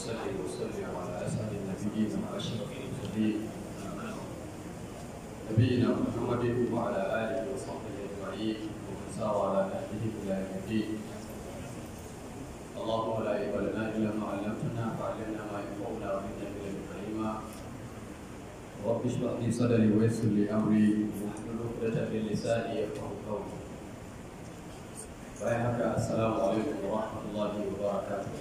وأصلي وأسلم على أسعد النبيين وأشرف المرسلين نبينا محمد وعلى آله وصحبه أجمعين ومن سار على نهجه إلى يوم الدين اللهم لا علم لنا إلا ما علمتنا فعلمنا ما ينفعنا وزدنا علما كريما رب اشرح لي صدري ويسر لي أمري واحلل عقدة من لساني يفقه قولي وياك السلام عليكم ورحمة الله وبركاته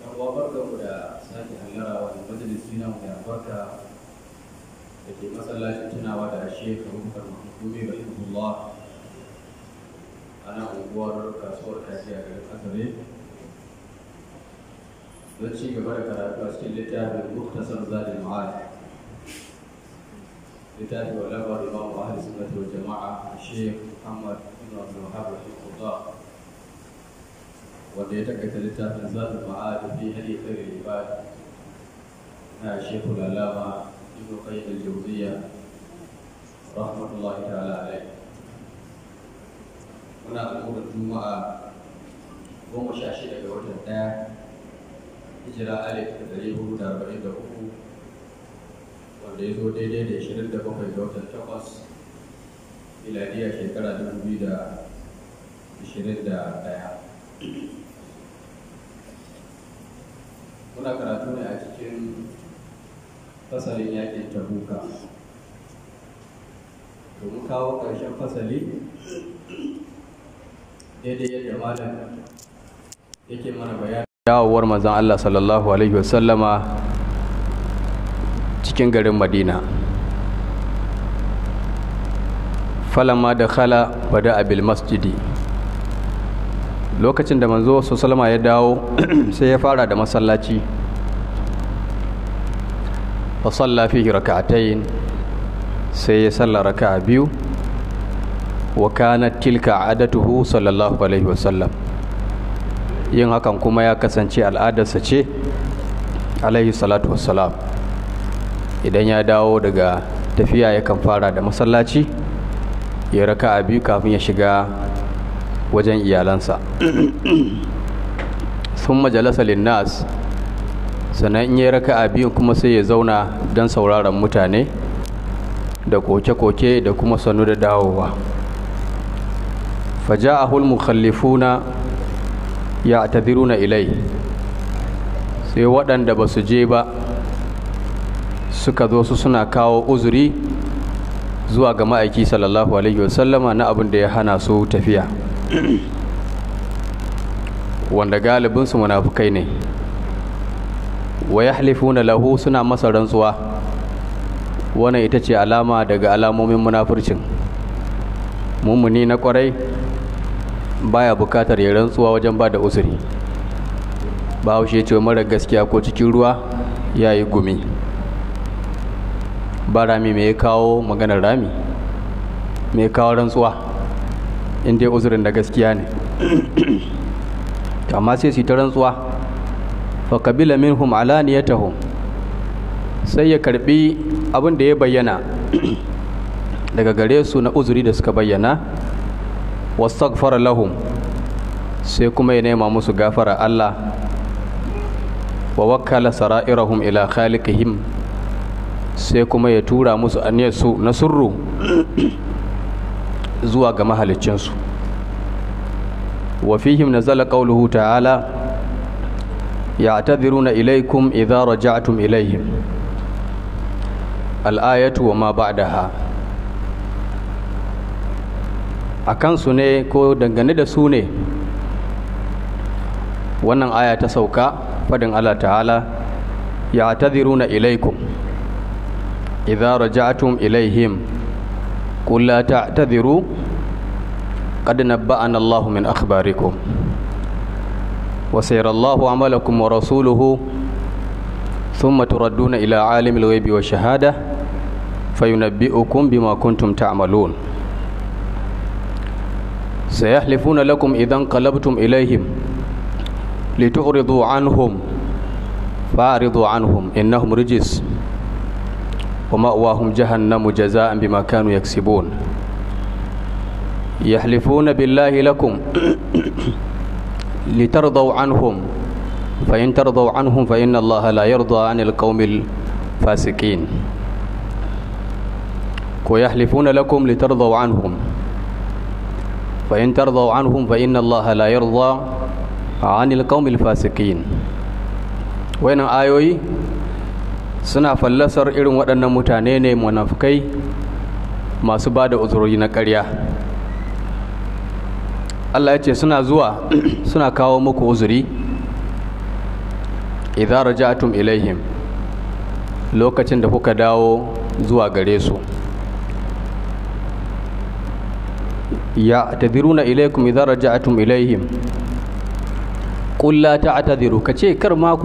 yan uwa barka mu da sake hallara wani majalisi na mai albarka da masallacin tunawa da shekh ana unguwar kasuwar kashi a garin don ci gaba da karatu a cikin littafin muktasar zadin ma'ad jama'a shekh muhammad ibn wanda ya takaita littafin zaɓin ma'adi fi hadi kare ibad na shehu lalama ibn qayyim al-jawziyya rahmatullahi ta'ala alaihi muna alƙawarin juma'a goma sha shida ga watan ɗaya hijira alif da ɗari hudu da arba'in da uku wanda ya zo daidai da ashirin da bakwai ga watan takwas miladiya shekara dubu biyu da ashirin da ɗaya muna karatu ne a cikin fasalin yakin tabuka domin kawo ƙarshen fasali daidai yadda malam yake mana bayani dawowar manzon Allah sallallahu alaihi wasallama cikin garin Madina falamma da khala bada abil masjidi lokacin da manzo sallama ya dawo sai ya fara da masallaci fa salla fihi rak'atayn sai ya salla raka'a biyu wa kanat tilka adatuhu sallallahu alaihi wasallam yin hakan kuma ya kasance al'adarsa ce alaihi salatu wassalam idan ya dawo daga tafiya ya kan fara da masallaci ya raka'a biyu kafin ya shiga wajen iyalansa sun majalasa linnas sannan in yi raka a biyun kuma sai ya zauna don sauraron mutane da koke-koke da kuma sanu da dawowa faja a hulmu khallifuna ya na ilai sai waɗanda ba su je ba suka zo su suna kawo uzuri zuwa ga ma'aiki sallallahu alaihi wasallama na abin da ya hana su tafiya wanda galibinsu munafukai ne wa yahlifuna lahu suna masa rantsuwa wannan ita ce alama daga alamomin munafurcin mummuni na kwarai baya bukatar ya rantsuwa wajen bada da usuri bahaushe ce mara gaskiya ko cikin ruwa ya yi gumi ba rami mai kawo maganar rami mai kawo rantsuwa in dai uzurin da gaskiya ne amma sai su ta rantsuwa fa kabila minhum alaniyatahum sai ya karbi abin da ya bayyana daga gare su na uzuri da suka bayyana wastaghfara lahum sai kuma ya nema musu gafara Allah wa wakkala sara'irahum ila khaliqihim sai kuma ya tura musu aniyar su na surru zuwa ga mahalicinsu wa fihim nazala qawluhu ta'ala ya'tadhiruna ilaykum idza raja'tum ilayhim al-ayatu wa ma ba'daha A kansu ne ko dangane da su ne wannan aya ta sauka fadin Allah ta'ala ya'tadhiruna ilaykum idza raja'tum ilayhim قل لا تعتذروا قد نبأنا الله من أخباركم وسير الله عملكم ورسوله ثم تردون إلى عالم الغيب والشهادة فينبئكم بما كنتم تعملون سيحلفون لكم إذا انقلبتم إليهم لتعرضوا عنهم فأعرضوا عنهم إنهم رجس ومأواهم جهنم جزاء بما كانوا يكسبون يحلفون بالله لكم لترضوا عنهم فإن ترضوا عنهم فإن الله لا يرضى عن القوم الفاسقين ويحلفون لكم لترضوا عنهم فإن ترضوا عنهم فإن الله لا يرضى عن القوم الفاسقين وين آيوي suna fallasar irin waɗannan mutane ne munafukai masu ba da uzurori na ƙarya Allah ya ce suna zuwa suna kawo muku uzuri idza raja'tum ilaihim lokacin da kuka dawo zuwa gare su ya tadiruna ilaikum idza raja'tum ilaihim ta la ka kace kar ma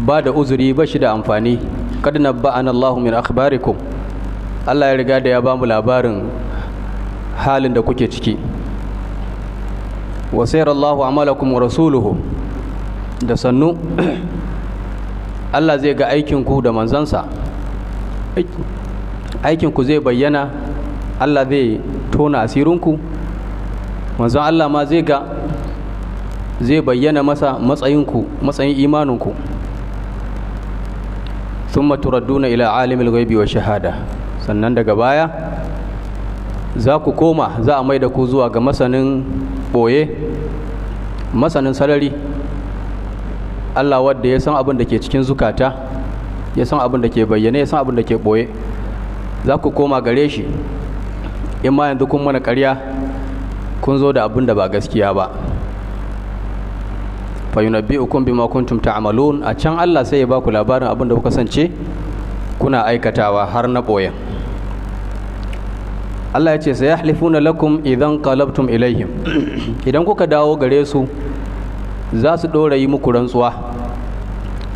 ba da uzuri ba shi da amfani kada kad nabba'an Allah min akhbarikum Allah ya riga da ya ba mu labarin halin da kuke ciki wa sayar Allahu amalakum wa rasuluhu da sannu Allah zai ga aikinku da manzansa aikinku zai bayyana Allah zai tona asirinku manzon Allah ma zai ga zai bayyana masa matsayinku matsayin imaninku thumma turadduna ila alimil ghaibi wa shahada sannan daga baya za ku koma za a maida ku zuwa ga masanin boye masanin sarari Allah wadda ya san abin da ke cikin zukata ya san abin da ke bayyane ya san abin da ke boye za ku koma gare shi in ma yanzu kun mana ƙarya kun zo da abin da ba gaskiya ba fa bi bima ta amalun a can Allah sai ya ba ku labarin abin da kuka kasance kuna aikatawa har na boyen Allah ya ce sai yahlifuna lakum idan qalabtum ilaihim idan kuka dawo gare su za su dora yi muku rantsuwa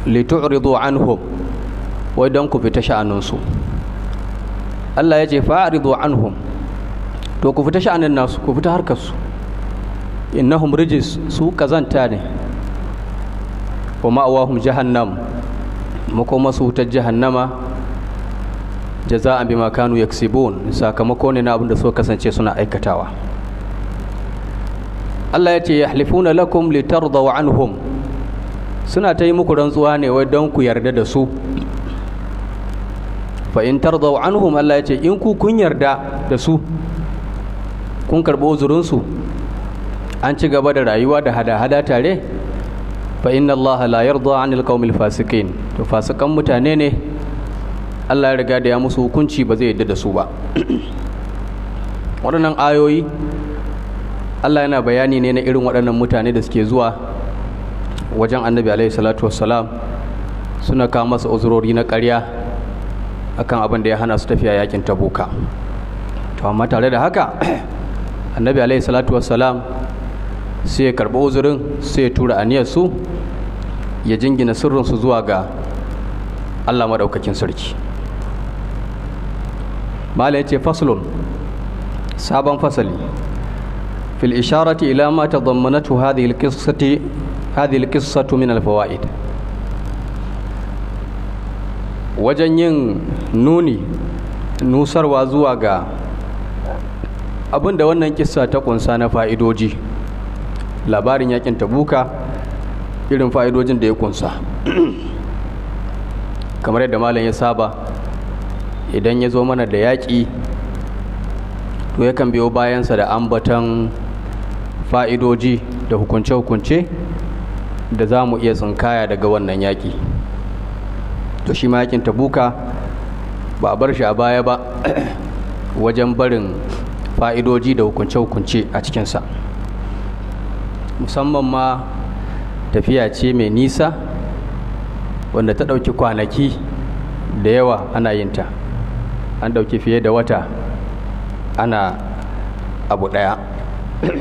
tu'ridu anhum wai don ku fita sha'aninsu Allah ya ce fa'ridu anhum to ku fita sha'anin nasu ku fita harkar su innahum rijis su kazanta ne wa ma'awahum jahannam makoma su wutar jahannama jaza'an bima kanu yaksibun sakamako ne na abin da suka kasance suna aikatawa Allah ya ce yahlifuna lakum litardaw anhum suna ta yi muku rantsuwa ne wai don ku yarda da su fa in tardaw anhum Allah ya ce in ku kun yarda da su kun karɓi uzurinsu an ci gaba da rayuwa da hada-hada tare fa inna Allah la yarda anil qaumil fasikin to fasikan mutane ne Allah ya riga da ya musu hukunci ba zai yarda da su ba waɗannan ayoyi Allah yana bayani ne na irin waɗannan mutane da suke zuwa wajen annabi alaihi salatu wassalam suna kawo masa uzurori na ƙarya akan abin da ya hana su tafiya yakin tabuka to amma tare da haka annabi alaihi salatu wassalam sai ya karɓi uzurin sai ya tura aniyar su ya jingina sirrinsu zuwa ga Allah maɗaukakin sarki mala ya ce faslun sabon fasali fil isharati ila ma zamanatu hadhihi alqissati hadhihi alqissatu min alfawaid wajen yin nuni nusarwa zuwa ga abinda wannan kissa ta kunsa na fa'idoji labarin yakin tabuka irin fa'idojin da ya kunsa kamar yadda malam ya saba idan ya zo mana da yaƙi to yakan biyo bayansa da ambatan fa'idoji da hukunce-hukunce da za mu iya tsinkaya daga wannan yaƙi to shi ma yakin tabuka ba a bar shi a baya ba wajen barin fa'idoji da hukunce-hukunce a cikinsa musamman ma tafiya ce mai nisa wanda ta ɗauki kwanaki da yawa ana yin ta an ɗauki fiye da wata ana abu ɗaya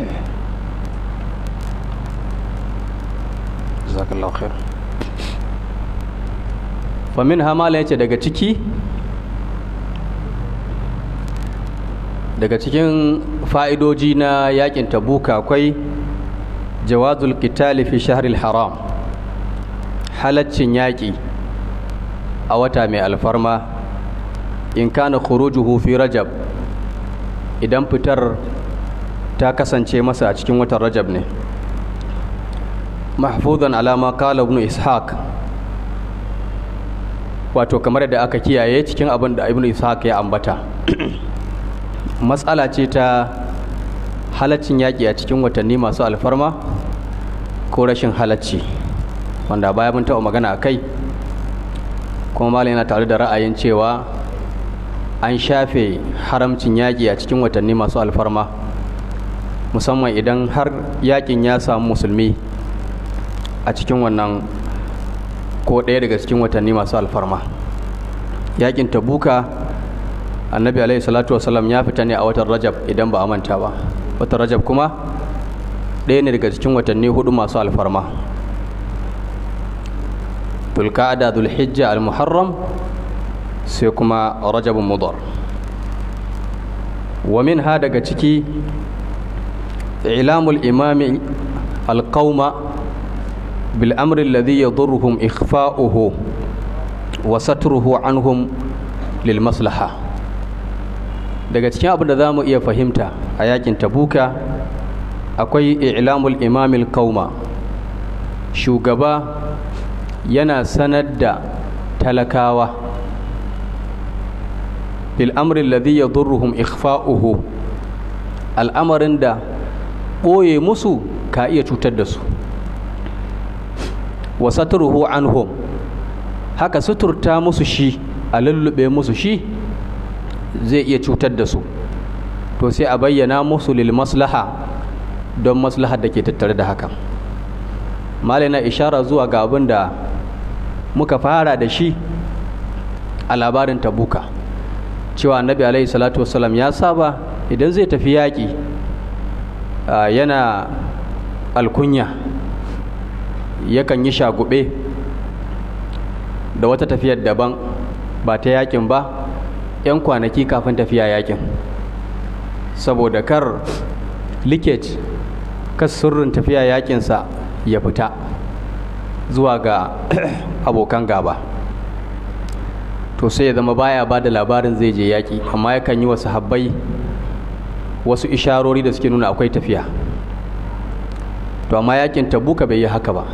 famin hamala ya ce daga ciki daga cikin fa'idoji na yakin tabuka akwai jawazul qitali fi shahril haram halaccin yaƙi a wata mai alfarma in kana khurujuhu fi rajab idan fitar ta kasance masa a cikin watan rajab ne mahfuzan alama kala ibn ishaq wato kamar da aka kiyaye cikin abin da ibn ishaq ya ambata matsala ce ta halaccin yaƙi a cikin watanni masu alfarma ko rashin halacci wanda baya mun taɓa magana a kai kuma malam yana tare da ra'ayin cewa an shafe haramcin yaƙi a cikin watanni masu alfarma musamman idan har yaƙin ya samu musulmi a cikin wannan ko ɗaya daga cikin watanni masu alfarma yaƙin tabuka annabi alaihi salatu wasalam ya fita ne a watan rajab idan ba a manta ba watan rajab kuma ɗaya ne daga cikin watanni hudu masu alfarma dulkada dulhijja almuharram sai kuma rajabun mudar wamin ha daga ciki ilamul imami alƙauma bil'amrin ladhi yadurruhum ikfa'uhu wa saturuhu anhum lil maslaha daga cikin abin da za mu iya fahimta a yakin tabuka akwai ilamul imamil kauma shugaba yana sanar da talakawa bil amrin ladhi yadurruhum ikhfa'uhu al'amarin da ɓoye musu ka iya cutar da su wa satruhu anhum haka suturta musu shi a lullube musu shi zai iya cutar da su to sai a bayyana musu lil maslaha don maslaha da ke tattare da hakan malina ishara zuwa ga abin da muka fara da shi a labarin tabuka cewa annabi alaihi salatu wasalam ya saba idan zai tafi yaƙi yana alkunya yakan yi shagube da wata tafiyar daban ba ta yakin ba 'yan kwanaki kafin tafiya yakin saboda kar likage kas sirrin tafiya yakinsa ya fita zuwa ga abokan gaba to sai ya zama baya ba da labarin zai je yaki amma yakan yi wasu habbai wasu isharori da suke nuna akwai tafiya to amma yakin tabuka bai yi haka ba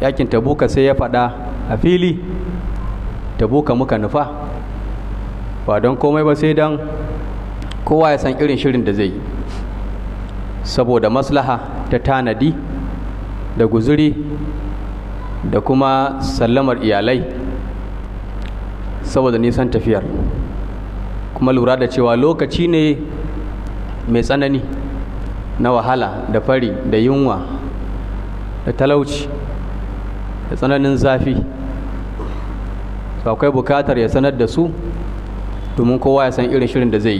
yakin tabuka sai ya faɗa a fili tabuka muka nufa ba don komai ba sai don kowa ya san irin shirin da zai yi saboda maslaha ta tanadi da guzuri da kuma sallamar iyalai saboda nisan tafiyar kuma lura da cewa lokaci ne mai tsanani na wahala da fari da yunwa da talauci da tsananin zafi akwai bukatar ya sanar da su domin kowa ya san irin shirin da zai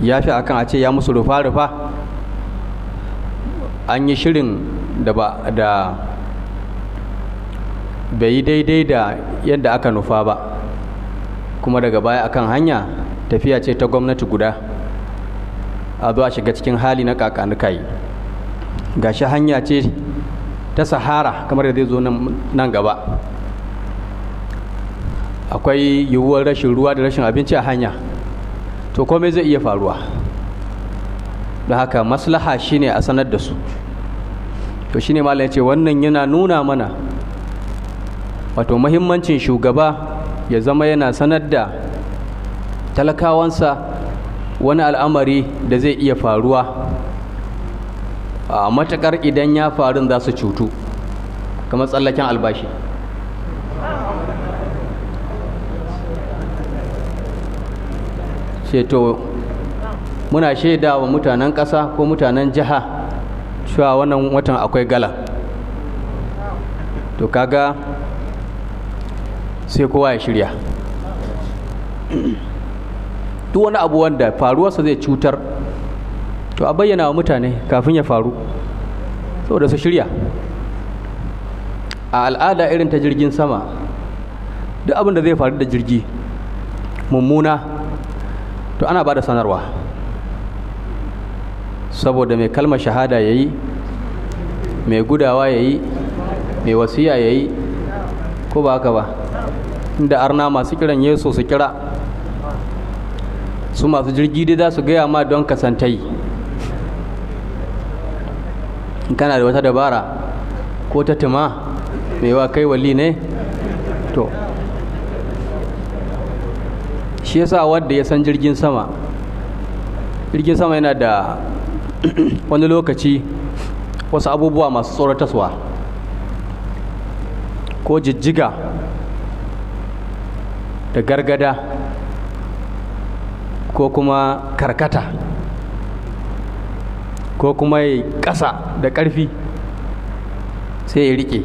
yi ya fi akan a ce ya musu rufa-rufa an yi shirin da ba da bai yi daidai da yadda aka nufa ba kuma daga baya akan hanya tafiya ce ta gwamnati guda a zuwa shiga cikin hali na kakanikai gashi hanya ce ta sahara kamar da zai zo nan gaba akwai yiwuwar rashin ruwa da rashin abinci a hanya to komai zai iya faruwa da haka maslaha shine a sanar da su to shine malam ce wannan yana nuna mana wato mahimmancin shugaba ya zama yana sanar da talakawansa wani al'amari da zai iya faruwa a matakar idan ya faru za su cutu kamar tsallaken albashi ce to muna shaida wa mutanen ƙasa ko mutanen jiha cewa wannan watan akwai gala to kaga sai kowa ya shirya duk wani abu wanda faruwarsa zai cutar to a bayyana wa mutane kafin ya faru saboda su shirya a al'ada irin ta jirgin sama duk abin da zai faru da jirgi mummuna to ana ba da sanarwa saboda mai kalmar shahada ya yi mai gudawa ya yi mai wasiya ya yi ko ba haka ba inda arna masu kiran yesu su kira su masu jirgi dai za su gaya ma don kasantai in kana da wata dabara ko ta tuma mai wa kai wali ne to shi yasa wanda ya san jirgin sama jirgin sama yana da wani lokaci wasu abubuwa masu tsoratarwa ko jijjiga da gargada ko kuma karkata ko kuma ya ƙasa da ƙarfi sai ya riƙe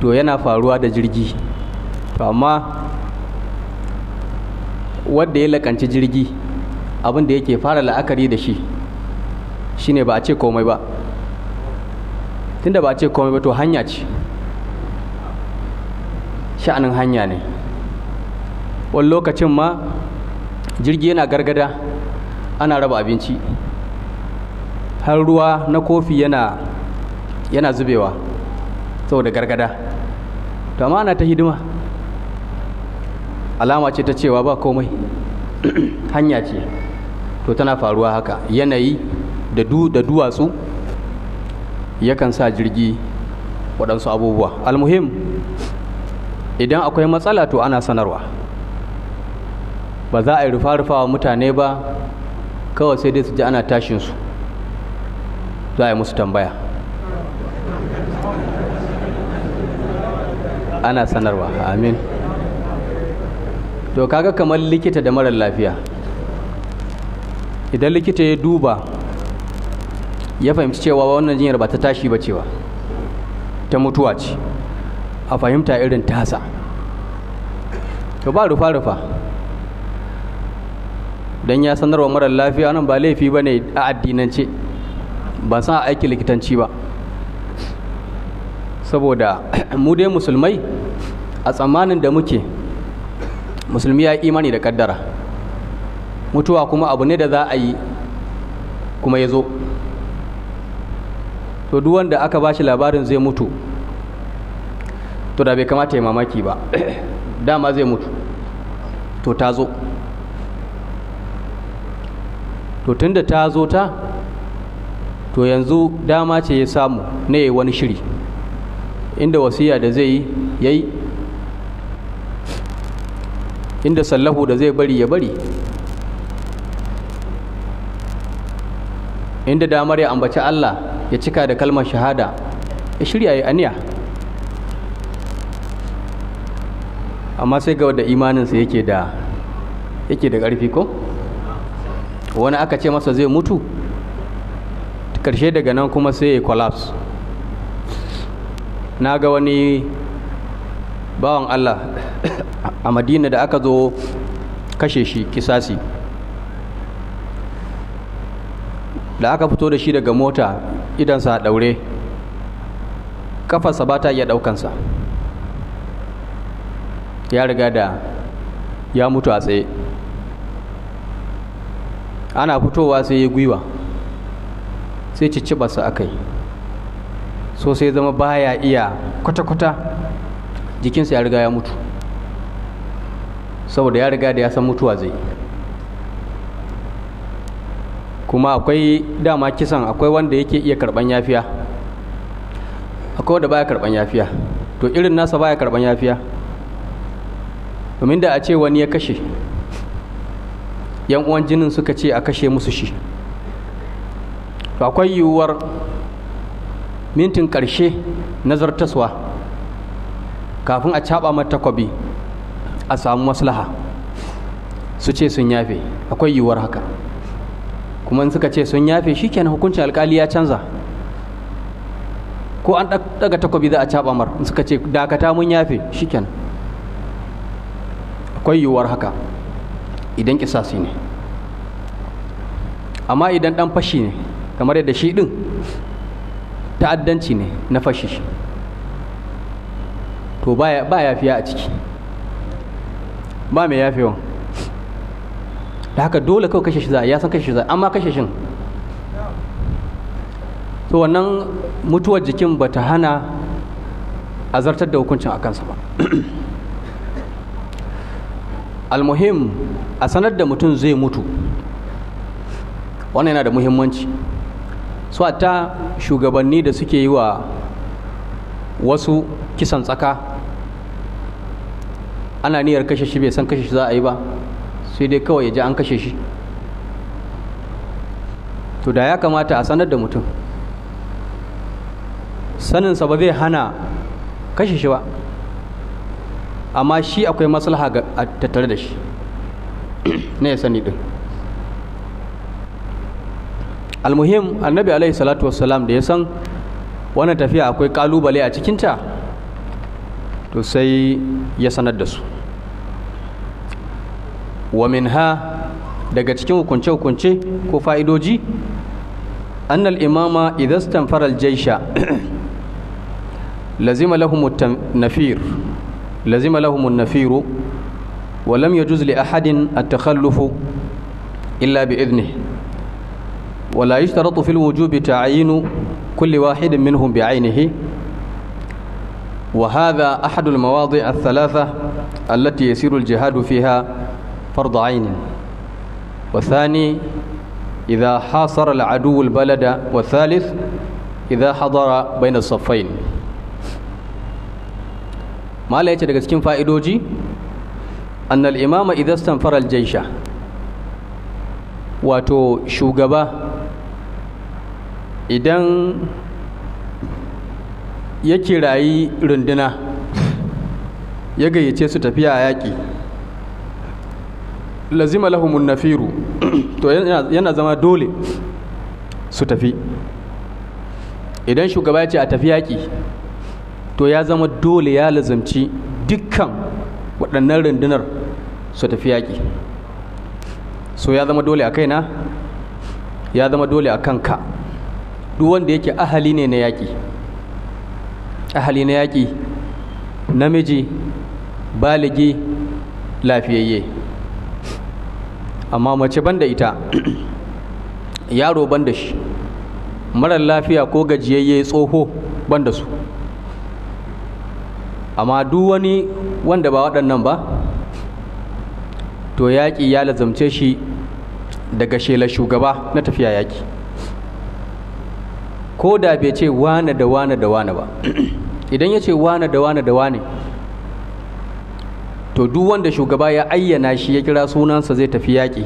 to yana faruwa da jirgi to amma wadda ya lakanci jirgi abinda da yake fara la'akari da shi shine ba a ce komai ba tunda ba a ce komai ba to hanya ce sha'anin hanya ne wani lokacin ma jirgi yana gargada ana raba abinci har ruwa na kofi yana yana zubewa saboda gargada to amma ana ta hidima alama ce ta cewa ba komai hanya ce to tana faruwa haka yanayi da du da duwatsu yakan sa jirgi waɗansu abubuwa almuhim idan akwai matsala to ana sanarwa ba za a yi rufa-rufa wa mutane ba kawai sai dai su ji ana tashinsu za a yi musu tambaya ana sanarwa amin to kaga kamar likita da marar lafiya idan likita ya duba ya fahimci cewa wannan jinyar ba ta tashi ba cewa ta mutuwa ce a fahimta irin tasa to ba rufa-rufa don ya sanarwa marar lafiya nan ba laifi ba ne a addinance ba san a aiki likitanci ba saboda mu dai musulmai a tsammanin da muke musulmi ya imani da kaddara mutuwa kuma abu ne da za a yi kuma ya zo to duk wanda aka ba shi labarin zai mutu to da bai kamata ya mamaki ba dama zai mutu to ta zo to tunda ta zo ta to yanzu dama ce ya samu na yi wani shiri inda wasiya da zai yi yi inda sallahu da zai bari ya bari inda damar ya ambaci Allah ya cika da kalmar shahada ya shirya ya aniya amma sai ga wadda imaninsa yake da yake da ƙarfi ko wani aka ce masa zai mutu ƙarshe daga nan kuma sai ya collapse na ga wani bawan Allah a madina da aka zo kashe shi kisasi da aka fito da shi daga mota idansa a daure kafarsa ba ta iya daukansa ya riga da ya mutu a tsaye ana fitowa sai ya gwiwa sai ciccibarsa aka yi so sai zama baya iya kwata-kwata jikinsa ya riga ya mutu saboda ya riga da ya san mutuwa zai kuma akwai dama kisan akwai wanda yake iya karban yafiya akwai wanda baya karban yafiya to irin nasa baya karban yafiya domin da a ce wani ya kashe yan uwan jinin suka ce a kashe musu shi to akwai yiwuwar mintin ƙarshe nazartaswa kafin a caba mata kwabi a samu maslaha su ce sun yafe akwai yiwuwar haka kuma suka ce sun yafe shikenan hukuncin alkali ya canza ko an daga takobi za a caba mar suka ce dakata mun yafe shikenan akwai yiwuwar haka idan kisasi ne amma idan dan fashi ne kamar yadda shi din ta'addanci ne na fashi to ba ya fiya a ciki ba mai yafewa da haka dole kawai kashe shi za ya san kashe shi za amma kashe shin to wannan mutuwar jikin ba ta hana a zartar da hukuncin a kansa ba almuhim a sanar da mutum zai mutu wannan yana da muhimmanci su ta shugabanni da suke yi wa wasu kisan tsaka ana niyyar kashe shi bai san kashe shi za a yi ba sai dai kawai ya ji an kashe shi to da ya kamata a sanar da mutum saninsa ba zai hana kashe shi ba amma shi akwai maslaha a tattare da shi na ya sani din almuhim annabi alaihi salatu wassalam da ya san wannan tafiya akwai kalubale a cikinta to sai ya sanar da su wa min ha daga cikin hukunce-hukunce ko fa’idoji annal imama idastan faral jaisha lazima lahumun nafir lazima lahumun nafiru walam ya juzli ahadin a takhallufu illa bi idni wala yi fil wujubi ta'yinu kulli wahidin minhum bi ainihi وهذا أحد المواضع الثلاثة التي يسير الجهاد فيها فرض عين وثاني إذا حاصر العدو البلد والثالث إذا حضر بين الصفين ما لا يتدقى سكين فائدوجي أن الإمام إذا استنفر الجيش واتو شوغبا إذن ya rayu runduna ya gayyace su tafiya a yaƙi lazima lahumun nafiru to yana zama dole su tafi idan shugaba ce a tafi yaƙi to ya zama dole ya lazimci dukkan waɗannan rundunar su tafi yaƙi so ya zama dole a kaina ya zama dole a kanka duk wanda yake ahali ne na yaƙi ahali na yaƙi namiji baligi lafiyayye amma mace banda ita yaro banda shi marar lafiya ko gajiyayye tsoho banda su amma duk wani wanda ba waɗannan ba to yaƙi ya lazamce shi daga shelar shugaba na tafiya yaƙi ko da bai ce wane da wane da wane ba idan ya ce wane da wane da wane to duk wanda shugaba ya ayyana shi ya kira sunansa zai tafi yaƙi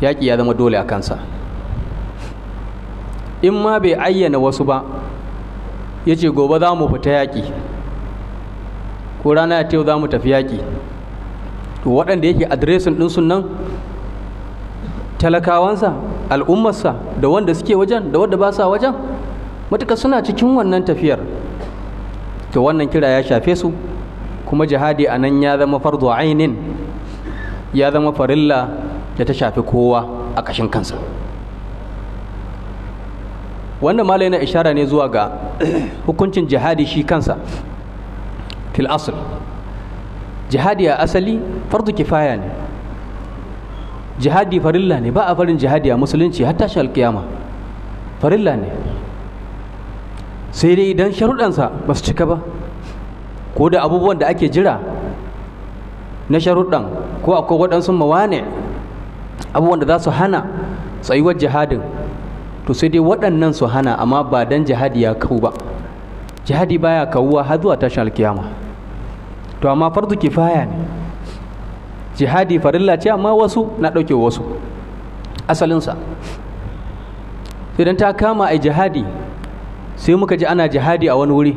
yaƙi ya zama dole a kansa in ma bai ayyana wasu ba ya ce gobe za mu fita yaƙi ko rana ya yau za mu tafi yaƙi to waɗanda yake adiresin ɗin sunan talakawansa al'ummarsa da wanda suke wajen da wanda ba sa wajen matuka suna cikin wannan tafiyar to wannan kira ya shafe su kuma jihadi a nan ya zama fardu ainin ya zama farilla da ta shafi kowa a ƙashin kansa wannan malai na ishara ne zuwa ga hukuncin jihadi shi kansa fil asl jihadi a asali fardu kifaya ne jihadi farilla ne ba a farin jihadi a musulunci har tashi alkiyama farilla ne sai dai idan sharuɗansa ba su cika ba ko da abubuwan da ake jira na sharuɗan ko akwai waɗansu mawane abubuwan da za su hana tsayuwar jihadin to sai dai waɗannan su hana amma ba dan jihadi ya kau ba jihadi baya kawuwa har zuwa tashin alkiyama to amma fardu kifaya ne jihadi farilla ce amma wasu na ɗauke wasu asalinsa idan ta kama a jihadi sai muka ji ana jihadi a wani wuri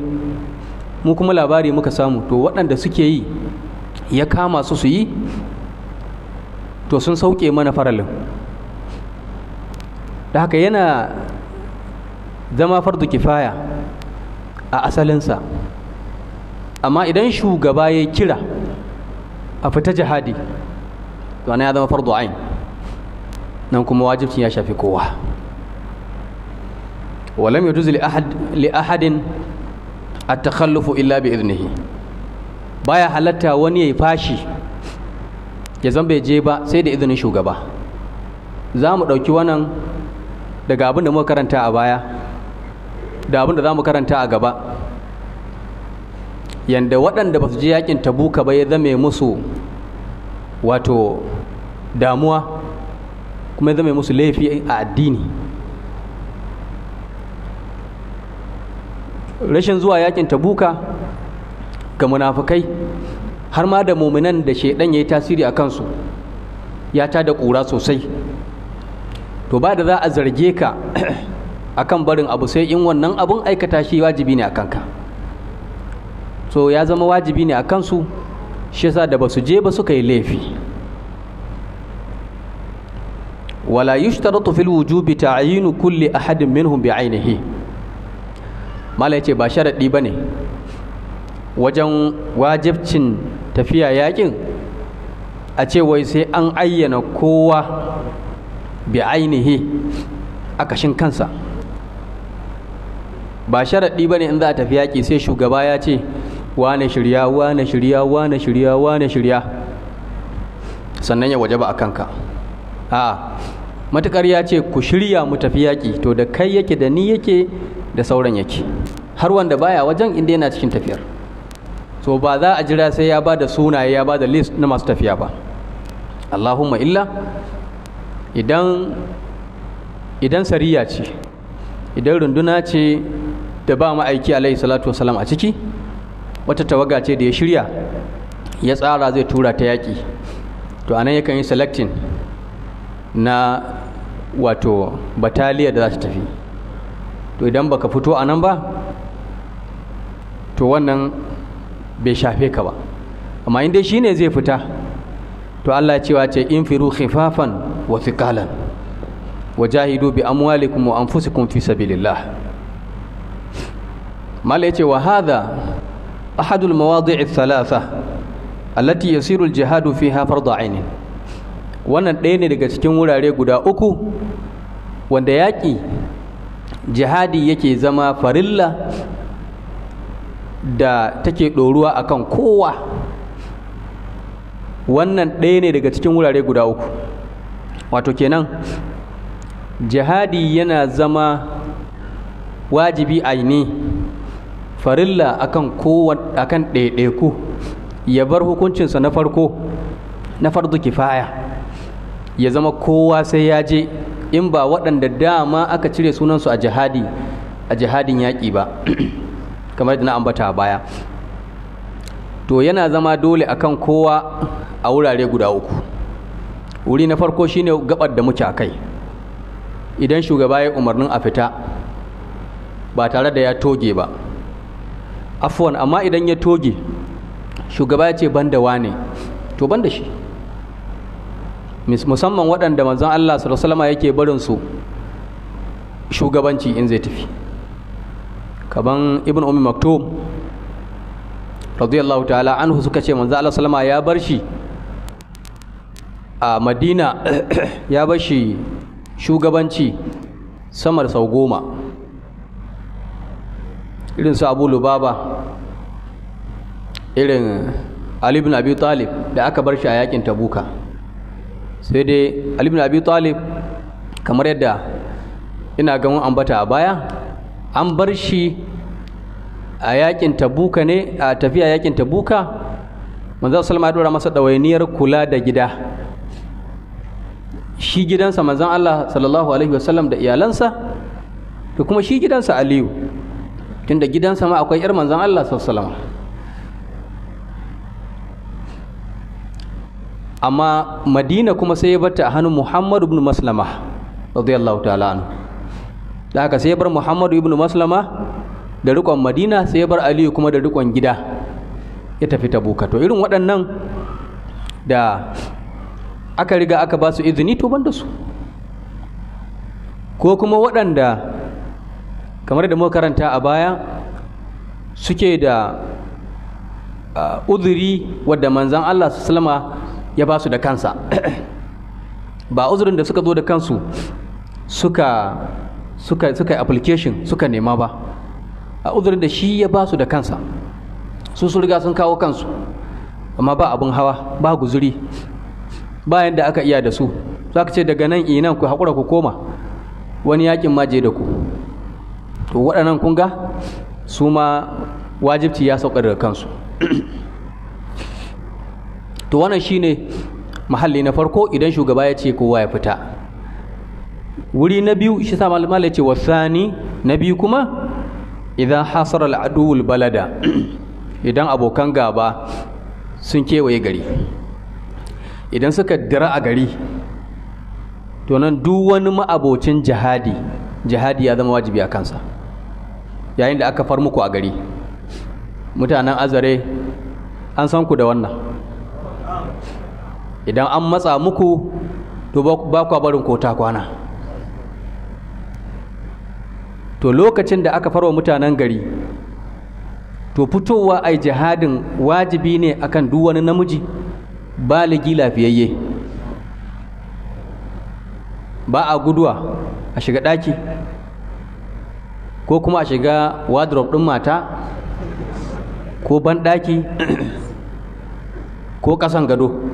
mu kuma labari muka samu to waɗanda suke yi ya kama su su yi to sun sauke mana faralin da haka yana zama fardu kifaya a asalinsa amma idan shugaba ya kira a fita jihadi to ana ya zama fardu ain nan kuma wajibcin ya shafi kowa ولم يجوز لأحد a التخلف إلا بإذنه baya halarta wani yayi fashi ya zan bai je ba sai da izinin shugaba za mu ɗauki wannan daga abin da muka karanta a baya da abin da za mu karanta a gaba yanda waɗanda ba su je yakin tabuka ba ya zame musu wato damuwa kuma ya zame musu laifi a addini rashin zuwa yakin tabuka ga munafukai har ma da muminan da shaidan ya yi tasiri a kansu ya ta da ƙura sosai to ba da za a zarge ka akan barin abu sai in wannan abun aikata shi wajibi ne a kanka so ya zama wajibi ne a kansu shi yasa da ba su je ba suka yi laifi wala yushtaratu fil wujubi ta'yinu kulli ahadin minhum bi'ainihi mala ya ce ba sharaɗi ba ne wajen wajibcin tafiya yakin a ce wai sai an ayyana kowa bi ainihi a kashin kansa ba sharaɗi ba ne in za a tafi yaƙi sai shugaba ya ce wane shirya wane shirya wane shirya wane shirya sannan ya waje ba a kanka a matuƙar ya ce ku shirya mu tafi yaƙi to da kai yake da ni yake da sauran yake har wanda baya wajen inda yana cikin tafiyar so ba za a jira sai ya ba da sunaye ya ba da list na masu tafiya ba allahumma illa idan idan sariya ce idan runduna ce da ba ma'aiki alaihi salatu wasalam a ciki wata tawaga ce da ya shirya ya tsara zai tura ta yaki, to anan yakan yi selecting na wato bataliya da za ta tafi to idan baka fito a nan ba to wannan bai shafe ka ba amma in dai shine zai fita to Allah cewa ce in firu khifafan wa thiqalan wajahidu bi amwalikum wa anfusikum fi sabilillah mala yace wa hadha ahadul mawadi'i thalatha allati yasiru al-jihadu fiha fardu 'ainin wannan ɗaya ne daga cikin wurare guda uku wanda yaƙi jihadi yake zama farilla da take ɗoruwa kan kowa wannan ɗaya ne daga cikin wurare guda uku wato kenan jihadi yana zama wajibi aini farilla akan kowa akan ɗaiɗaiku ya bar hukuncinsa na farko na farzuki faya ya zama kowa sai ya je in ba waɗanda dama aka cire sunansu a jihadi a jihadin yaƙi ba kamar da na ambata a baya to yana zama dole akan kowa a wurare guda uku wuri na farko shine gabar da muke a kai idan shugaba ya umarnin a fita ba tare da ya toge ba afuwan amma idan ya toge shugaba ya ce ban da wane to ban da shi musamman waɗanda manzon Allah sallallahu alaihi yake barin su shugabanci in zai tafi kaban ibn ummi maktum radiyallahu ta'ala anhu suka ce manzon Allah sallallahu ya bar shi a Madina ya bar shi shugabanci sama da sau goma irin su Abu Lubaba irin Ali ibn Abi Talib da aka bar shi a yakin Tabuka sai dai Ali Abi Talib kamar yadda ina ga an ambata a baya an bar shi a yakin Tabuka ne a tafiya yakin Tabuka manzan salama ya dora masa dawainiyar kula da gida shi gidansa manzan Allah sallallahu alaihi wasallam da iyalansa da kuma shi gidansa Aliyu tunda gidansa ma akwai yar manzan Allah sallallahu alaihi wasallam amma madina kuma sai ya bata a hannun muhammadu ibn maslama radiyallahu ta'ala anhu da haka sai ya bar muhammadu ibn maslama da rikon madina sai ya bar aliyu kuma da rikon gida ya tafi tabuka to irin waɗannan da aka riga aka ba su izini to ban da su ko kuma waɗanda kamar da muka karanta a baya suke da ah, uzuri wadda manzan Allah su salama ya ba su da kansa ba uzurin da suka zo da kansu suka suka suka application suka nema ba a uzurin da shi ya ba su da kansa su sun riga sun kawo kansu amma ba abin hawa ba guzuri ba yadda aka iya da su za ce daga nan inan eh, ku haƙura ku koma wani yakin maje da ku to waɗannan kunga su ma wajibci ya saukar da kansu to wannan shine mahalli na farko idan shugaba ya ce kowa ya fita wuri na biyu shi sa malama ya ce wasani na biyu kuma idan hasar al'aduwul balada idan abokan gaba sun kewaye gari idan suka dira a gari to nan duk wani ma'abocin jihadi jihadi ya zama wajibi a kansa yayin da aka far muku a gari mutanen azare an san ku da wannan idan an matsa muku to ba kwa barin kota kwana to lokacin da aka farwa mutanen gari to fitowa ai jihadin wajibi ne akan duk wani namiji baligi lafiyayye ba a guduwa a shiga daki, ko kuma a shiga wardrobe ɗin mata ko banɗaki ko ƙasan gado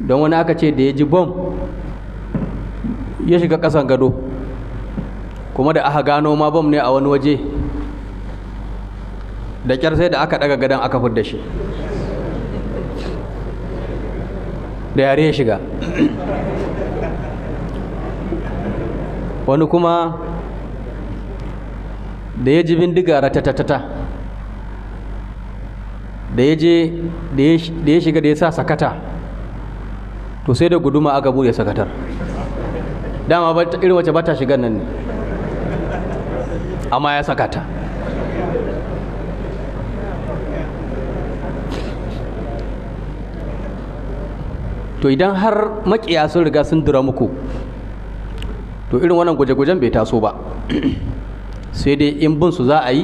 don wani aka ce da ya ji bom ya shiga ƙasan gado kuma da aka gano ma bom ne a wani waje da kyar sai da aka daga gadon aka fudda shi da yare ya shiga wani kuma da ya ji bindiga ratatatata da ya je da ya shiga da ya sa sakata to sai da guduma aka buɗe sakatar dama irin wace ba ta shigan nan ne amma ya sakata, to idan har makiya sun riga sun dira muku to irin wannan gwaje-gwajen bai taso ba sai dai in bin su za a yi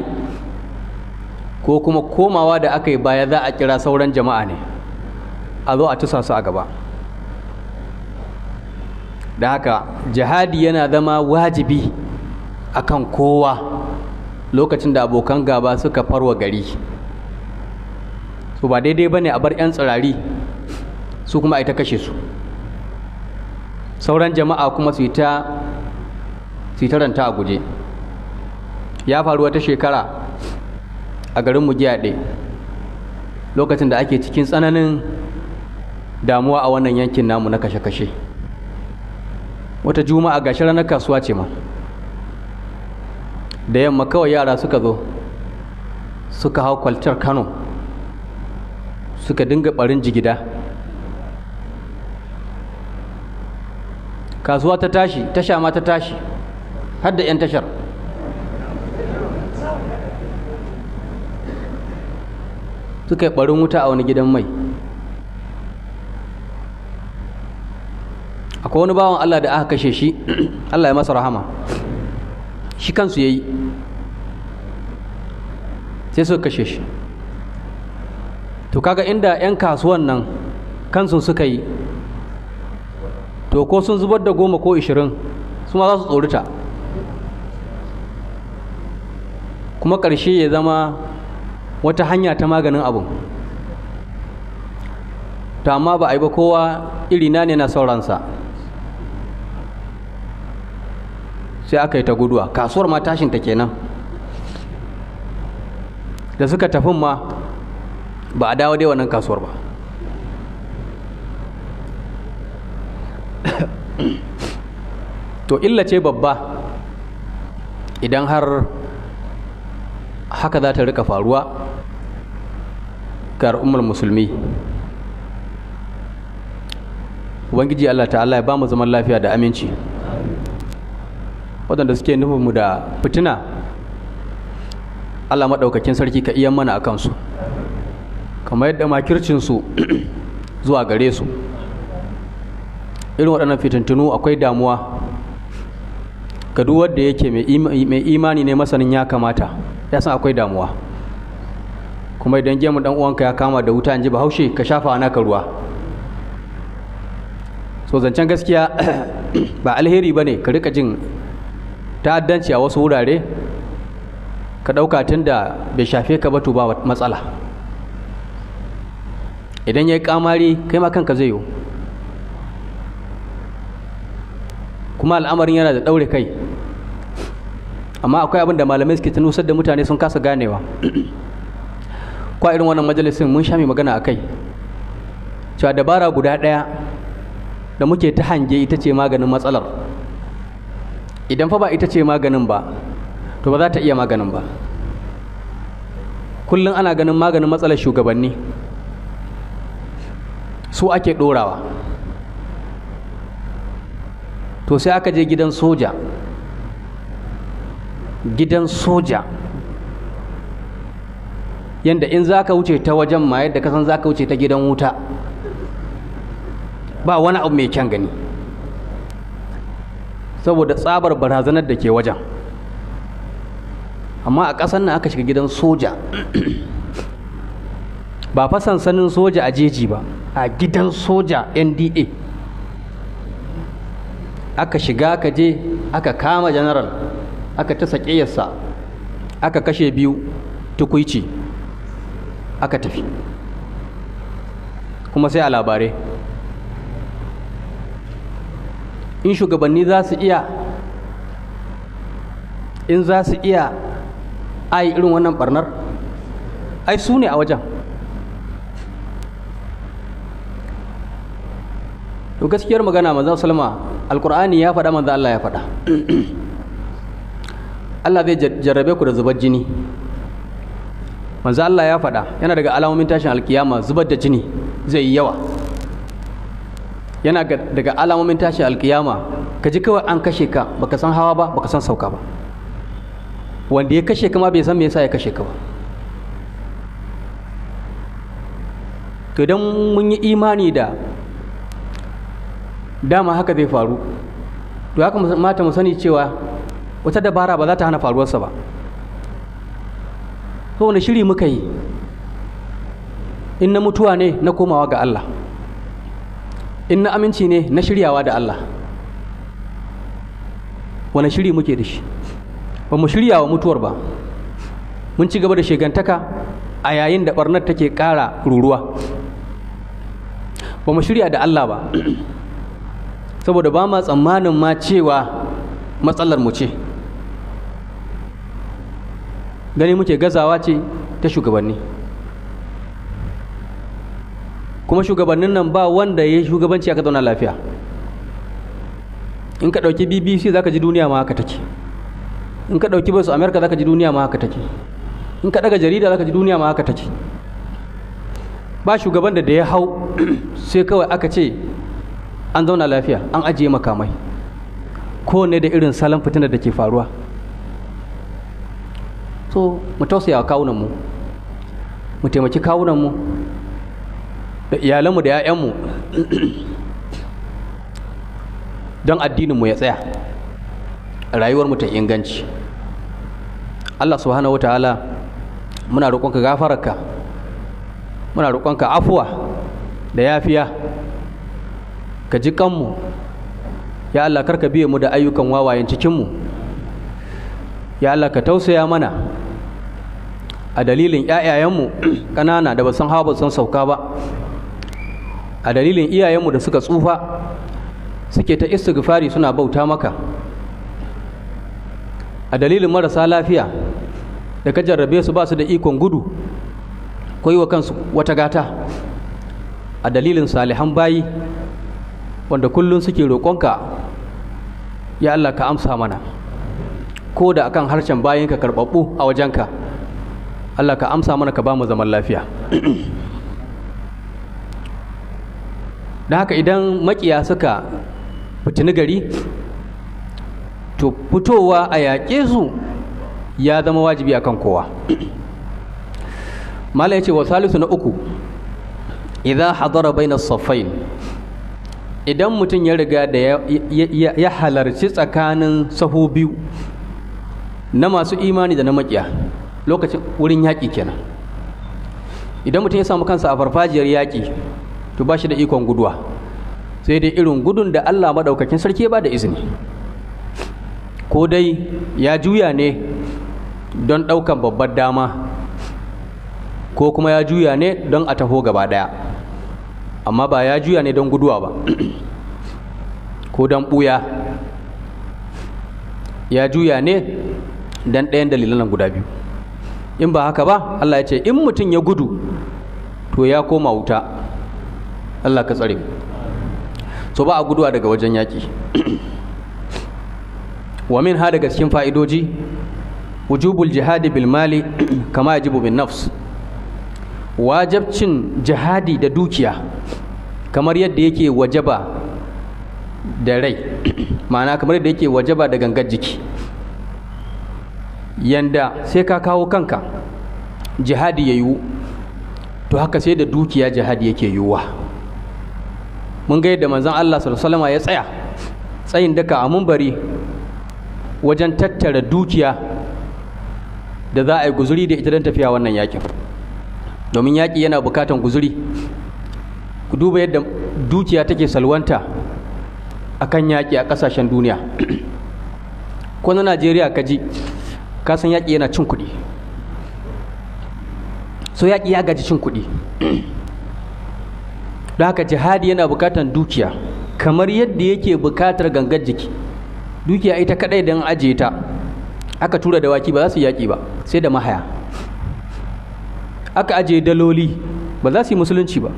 ko kuma komawa da aka yi baya za a kira sauran jama'a ne a zo a tusa su a gaba da haka jihadi yana zama wajibi akan kowa lokacin da abokan gaba suka farwa gari su ba daidai ba ne a bar 'yan tsirari su kuma a ta kashe su sauran jama'a kuma su yi ta ranta a guje ya faru wata shekara a garin mugiyaɗe lokacin da ake cikin tsananin damuwa a wannan yankin namu na kashe-kashe wata juma'a gashi ranar kasuwa ce ma da yamma kawai yara suka zo suka hau kwaltar kano suka dinga barin jigida kasuwa ta tashi tasha ma ta tashi har da 'yan tashar suka yi barin wuta a wani gidan mai akwai wani bawan Allah da aka kashe shi Allah ya masa rahama shi kansu ya yi, sai suka kashe shi to kaga inda 'yan kasuwan nan kansu suka yi to ko sun zubar da goma ko ishirin su ma za su tsorita kuma ƙarshe ya zama wata hanya ta maganin abu, to amma ba a yi ba kowa irina ne na sauransa sai aka yi ta guduwa kasuwar ma tashin ta kenan da suka tafi ma ba a dawo dai wannan kasuwar ba to illa ce babba idan har haka za ta rika faruwa ga al'ummar musulmi ubangiji allah ta'ala ya ba mu zaman lafiya da aminci waɗanda suke nufin mu da fitina allah maɗaukakin sarki ka iya mana a kansu kamar yadda makircinsu zuwa gare su irin waɗannan fitintunu akwai damuwa ga duk wanda yake mai imani ne masanin ya kamata ya san akwai damuwa kuma idan gemu dan uwanka ya kama da wuta in ji bahaushe ka shafa naka ruwa so zancen gaskiya ba alheri ba ne ka rika jin ta'addanci a wasu wurare ka ɗauka tun da bai shafe ka ba ba matsala idan ya yi kamari kai ma kanka zai yi kuma al'amarin yana da ɗaure kai amma akwai abin da malamai suke tunusar da mutane sun kasa ganewa kwa irin wannan majalisin mun sha mai magana a kai cewa dabara guda ɗaya da muke ta hange ita ce maganin matsalar idan fa ba ita ce maganin ba to ba za ta iya maganin ba kullum ana ganin maganin matsalar shugabanni su ake ɗorawa to sai aka je gidan soja gidan soja yadda in za ka wuce ta wajen ma yadda kasan za ka wuce ta gidan wuta ba wani abu mai kyan gani saboda tsabar barazanar da ke wajen amma a ƙasar nan aka shiga gidan soja ba fa sansanin soja a jeji ba a gidan soja nda aka shiga aka je aka kama janaral aka ta sakeyarsa aka kashe biyu tukuici aka tafi kuma sai a labarai in shugabanni za su iya in za su iya a yi irin wannan barnar ai su ne a wajen to gaskiyar magana manzo salma alkur'ani ya faɗa manzo Allah ya faɗa Allah zai jarrabe ku da zubar jini manzo Allah ya faɗa yana daga alamomin tashin alkiyama zubar da jini zai yi yawa yana daga alamomin tashi alkiyama ka ji kawai an kashe ka baka san hawa ba baka san sauka ba wanda ya kashe ka ma bai san me yasa ya kashe ka ba to idan mun yi imani da dama haka zai faru to haka mata mu sani cewa wata dabara ba za ta hana faruwarsa ba to wani shiri muka yi in na mutuwa ne na komawa ga Allah in na aminci ne na shiryawa da Allah wani shiri muke da shi ba mu shirya wa mutuwar ba mun ci gaba da shegantaka a yayin da ɓarnar take ƙara ruruwa ba mu shirya da Allah ba saboda ba ma tsammanin ma cewa matsalar mu ce gani muke gazawa ce ta shugabanni kuma shugabannin nan ba wanda ya shugabanci aka zauna lafiya in ka ɗauki bbc za ka ji duniya ma haka take in ka ɗauki basu amerika za ka ji duniya ma haka take in ka ɗaga jarida za ka ji duniya ma haka take ba shugaban da da ya hau sai kawai aka ce an zauna lafiya an ajiye makamai ko ne da irin salon fitina da ke faruwa so mu tausaya wa kawunanmu mu taimaki kawunanmu da iyalanmu da 'ya'yanmu don addininmu ya tsaya rayuwarmu ta inganci Allah subhanahu wataala muna roƙonka gafararka muna roƙonka afuwa da yafiya ka ji kanmu ya Allah karka biye mu da ayyukan wawayen cikinmu ya Allah ka tausaya mana a dalilin 'ya'yayenmu ƙanana da ba san hawa ba san sauka ba a dalilin iyayenmu da suka tsufa suke ta istighfari suna bauta maka a dalilin marasa lafiya da ka jarrabe su ba su da ikon gudu ko yi wa kansu wata gata a dalilin salihan bayi wanda kullum suke roƙonka ya Allah ka amsa mana ko da akan harshen bayinka karɓaɓɓu a wajenka Allah ka amsa mana ka ba mu zaman lafiya da haka idan makiya suka fitini gari to fitowa a yaƙe su ya zama wajibi akan kowa mala ya ce wa salisu na uku idan hadara bai na safain idan mutum ya riga da ya halarci tsakanin saho biyu na masu imani da na makiya lokacin wurin yaƙi kenan idan mutum ya samu kansa a farfajiyar yaƙi to ba shi da ikon guduwa sai dai irin gudun da Allah maɗaukakin sarki ba da izini ko dai ya juya ne don ɗaukan babbar dama ko kuma ya juya ne don a taho gaba ɗaya amma ba ya juya ne don guduwa ba ko don ɓuya ya juya ne don ɗayan dalilan guda biyu in ba haka ba Allah ya ce in mutum ya gudu to ya koma wuta Allah ka tsare so ba a guduwa daga wajen yaki wa min ha daga cikin fa'idoji wujubul jihadi bil mali kama yajibu bin nafs wajabcin jihadi da dukiya kamar yadda yake wajaba da rai ma'ana kamar yadda yake wajaba da gangar jiki yanda sai ka kawo kanka jihadi ya yiwu to haka sai da dukiya jihadi yake yiwuwa mun ga yadda manzon Allah sallallahu alaihi ya tsaya tsayin daka a bari wajen tattara dukiya da za a yi guzuri da ita don tafiya wannan yakin domin yaƙi yana bukatan guzuri ku duba yadda dukiya take salwanta a kan yaƙi a ƙasashen duniya ko na najeriya ka ji san yaƙi yana cin kuɗi so yaƙi ya gaji cin kuɗi don haka jihadi yana bukatar dukiya kamar yadda yake bukatar gangar jiki dukiya ita kadai don ajiye ta aka tura da waki ba za su yaƙi ba sai da mahaya aka ajiye daloli ba za su yi musulunci ba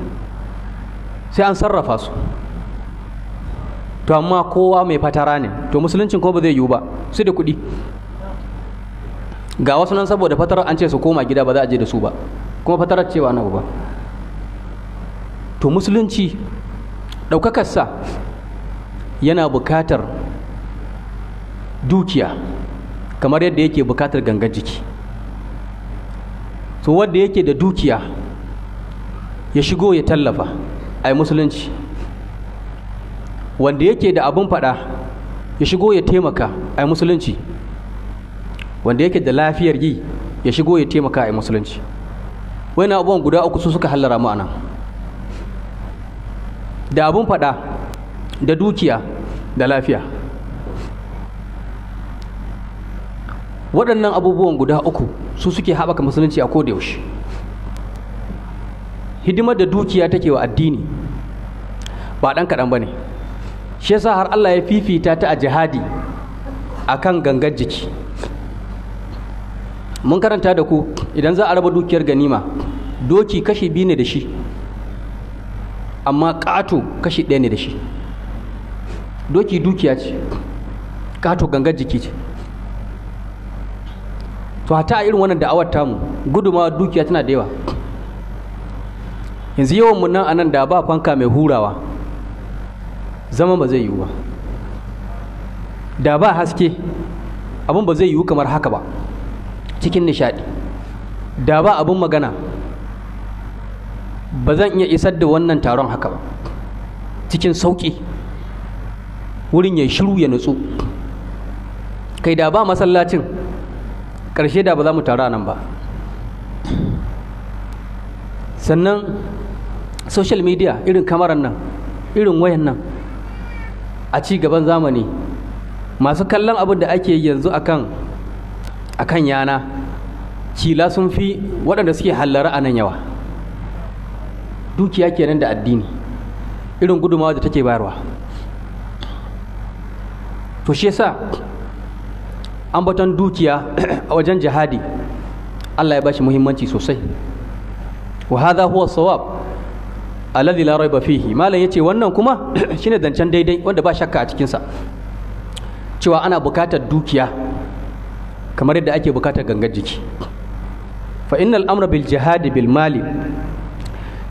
sai an sarrafa su to amma kowa mai fatara ne to musuluncin ko ba zai yiwu ba su da kuɗi ga wasu nan saboda fatarar an ce su koma gida ba za a je da su ba kuma fatarar cewa na ba to musulunci ɗaukakarsa yana bukatar dukiya kamar yadda yake bukatar gangar jiki to wanda yake da dukiya ya shigo ya tallafa a musulunci wanda yake da abin faɗa ya shigo ya taimaka a musulunci wanda yake da lafiyar yi ya shigo ya taimaka a musulunci wani abubuwan guda uku su suka hallara ma'ana da abun faɗa da dukiya da lafiya waɗannan abubuwan guda uku su suke haɓaka musulunci a kodayaushe hidimar da dukiya take wa addini ba ɗan kaɗan ba ne shi yasa har Allah ya fifita ta a jihadi a kan gangar jiki mun karanta da ku idan za a raba dukiyar ganima doki kashi biyu ne da shi amma ƙato kashi ɗaya ne da shi doki dukiya ce ƙato gangar jiki ce to hata irin wannan da'awar tamu guduma dukiya tana da yawa yanzu yawan mu nan da ba fanka mai hurawa zama ba zai yiwu ba da ba haske abin ba zai yiwu kamar haka ba cikin nishadi da ba abin magana ba zan iya isar da wannan taron haka ba cikin sauƙi wurin ya shiru ya nutsu kai da ba masallacin ƙarshe da ba za mu taru nan ba sannan social media irin kamaran nan irin wayan nan a ci gaban zamani masu kallon abin da ake yanzu akan akan yana kila sun fi waɗanda suke hallara a nan yawa dukiya kenan da addini irin gudumawa da take bayarwa to shi yasa ambaton dukiya a wajen jihadi Allah ya bashi muhimmanci sosai wa hadha huwa sawab alladhi la raiba fihi malam yace wannan kuma shine zancen daidai wanda ba shakka a cikin sa cewa ana bukatar dukiya kamar yadda ake bukatar gangar jiki fa innal amra bil jihadi bil mali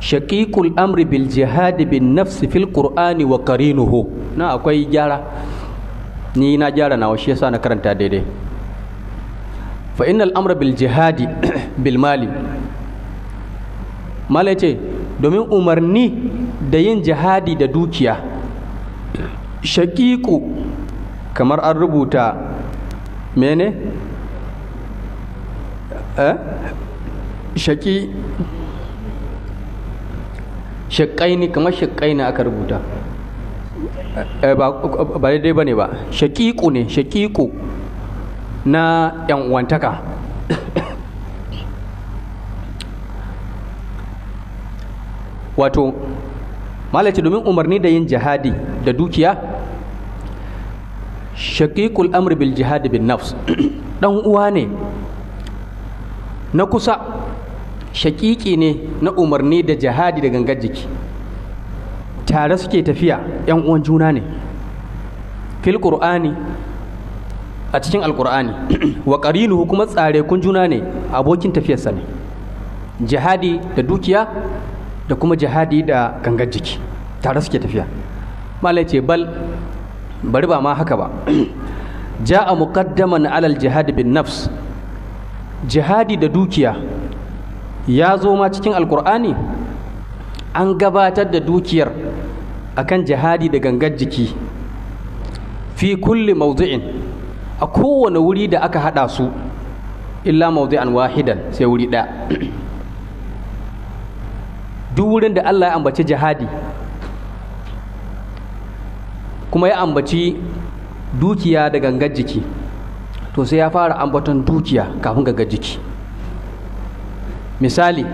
shaƙiƙul amri bil jihadi bin nafsi fil qur'ani wa qarinuhu na akwai gyara ni na gyara nawa shi sa na karanta daidai fa innal amra bil jihadi bil mali ce domin umarni da yin jihadi da dukiya Shakiku kamar an rubuta mene eh shaki shaƙaini kamar shaƙaini aka rubuta eh, ba daidai ba ne ba shakiku ne shakiku na yan uwantaka wato malaci domin umarni da yin jihadi da dukiya shakikul amri bil jihadi bin nafs ɗan uwa ne na kusa shakiki ne na umarni da jihadi da gangar jiki tare suke tafiya yan uwan juna ne fil qur'ani a cikin alqur'ani wa qarinuhu kuma tsare kun juna ne abokin tafiyarsa ne jihadi da dukiya da kuma jihadi da gangar jiki tare suke tafiya malai ce bal bari ba ma haka ba ja'a muqaddaman alal jihad bin nafs jihadi da dukiya ya zo ma cikin alkur'ani an gabatar da dukiyar akan jihadi da gangar jiki fi kulli mawdu'in a kowane wuri da aka hada su illa mawdu'an wahidan sai wuri ɗaya duk wurin da Allah ya ambaci jihadi kuma ya ambaci dukiya da gangar jiki to sai ya fara ambaton dukiya kafin gangar jiki misali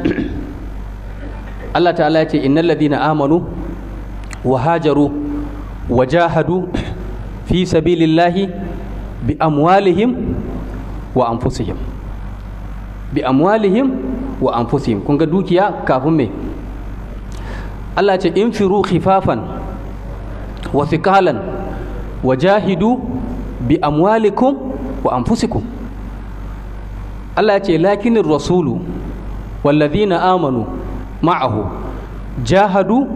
Allah ta'ala ya ce innal ladina amanu wa hajaru wa jahadu fi sabilillahi bi amwalihim wa anfusihim bi amwalihim wa anfusihim kun ga dukiya kafin me Allah ce infiru khifafan wa thiqalan wa jahidu bi amwalikum wa anfusikum Allah ce lakinin rasulu wallazina amanu ma'ahu jahadu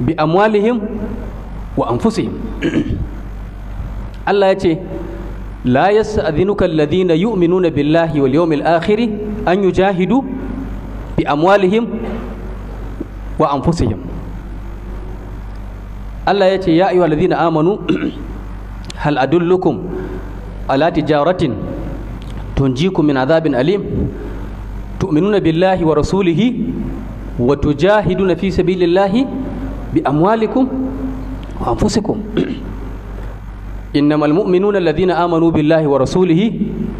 bi amwalihim wa anfusihim Allah ya ce la yasta'dhinuka alladhina yu'minuna billahi wal yawmil akhir an yujahidu bi amwalihim wa anfusihim Allah ya ce ya ayyuhal ladhina amanu hal adulukum ala tijaratin tunjikum min adhabin alim tu'minuna billahi wa rasulihi wa tujahiduna fi sabilillahi bi amwalikum wa anfusikum innamal mu'minuna alladhina amanu billahi wa rasulihi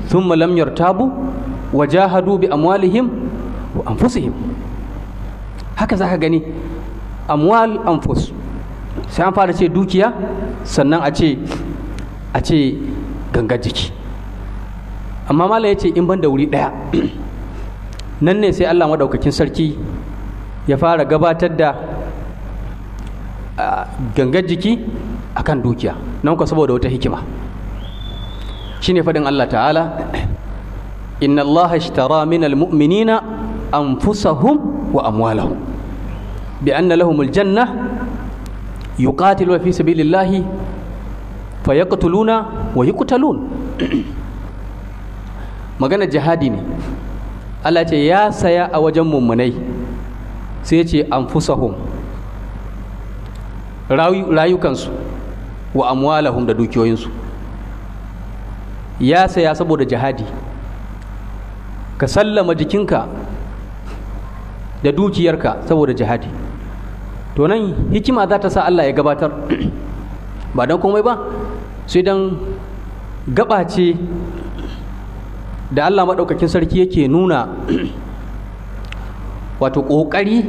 thumma lam yartabu wa jahadu bi amwalihim wa anfusihim haka zaka gani amwal anfus sai an fara ce dukiya sannan a ce a jiki amma ya ce in ban da wuri ɗaya nan ne sai Allah maɗaukakin sarki ya fara gabatar da gangar jiki akan dukiya nan ku saboda wata hikima shine faɗin Allah ta'ala inna Allah minal muminina almu'minina anfusahum wa amwalahu bi anna lahumul janna yuqatiluna fi sabilillahi fayaqtuluna wa yuqtalun magana jihadi ne Allah ce ya saya a wajen mummunai sai ce an anfusahum rayukansu wa amwalahum da dukiyoyinsu ya saya saboda jihadi ka sallama jikinka da dukiyarka saboda jihadi to nan hikima za ta sa Allah ya gabatar ba don komai ba sai don gaba ce da Allah maɗaukakin sarki yake nuna wato ƙoƙari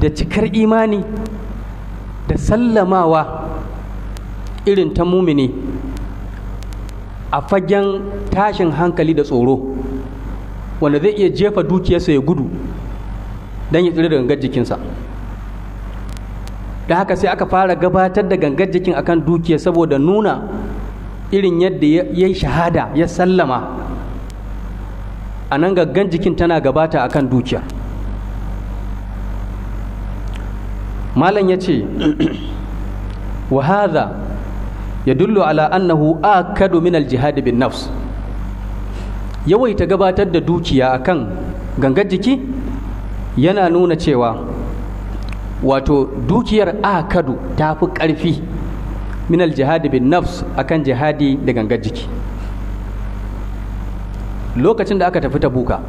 da cikar imani da sallamawa irin ta mumini a fagen tashin hankali da tsoro wanda zai iya jefa dukiyarsa ya gudu don ya tsira da gangar jikinsa da haka sai aka fara gabatar da gangar jikin akan dukiya saboda nuna irin yadda ya yi shahada ya sallama a nan gaggan jikin tana gabata akan dukiya malam ya ce wa ya dullu ala annahu akadu min al bin nafs yawaita gabatar da dukiya akan gangar jiki yana nuna cewa wato dukiyar akadu ta fi ƙarfi minal jihadi bin nafs akan jihadi da gangar jiki lokacin da aka tafi ta buka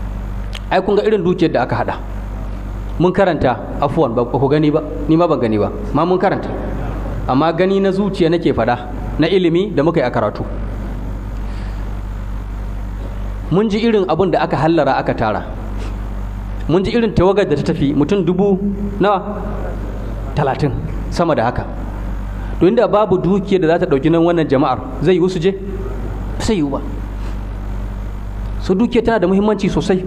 ai kun ga irin dukiyar da aka hada mun karanta afuwan ba ku gani ba ni ma ban gani ba ma mun karanta amma gani na zuciya nake fada na ilimi da muka yi a karatu mun ji irin abun da aka hallara aka tara mun ji irin tawagar da ta tafi mutum dubu na talatin sama da haka to da babu dukiyar da za ta ɗauki nan wannan jama'ar zai yi su je sai yi ba so dukiyar tana da muhimmanci sosai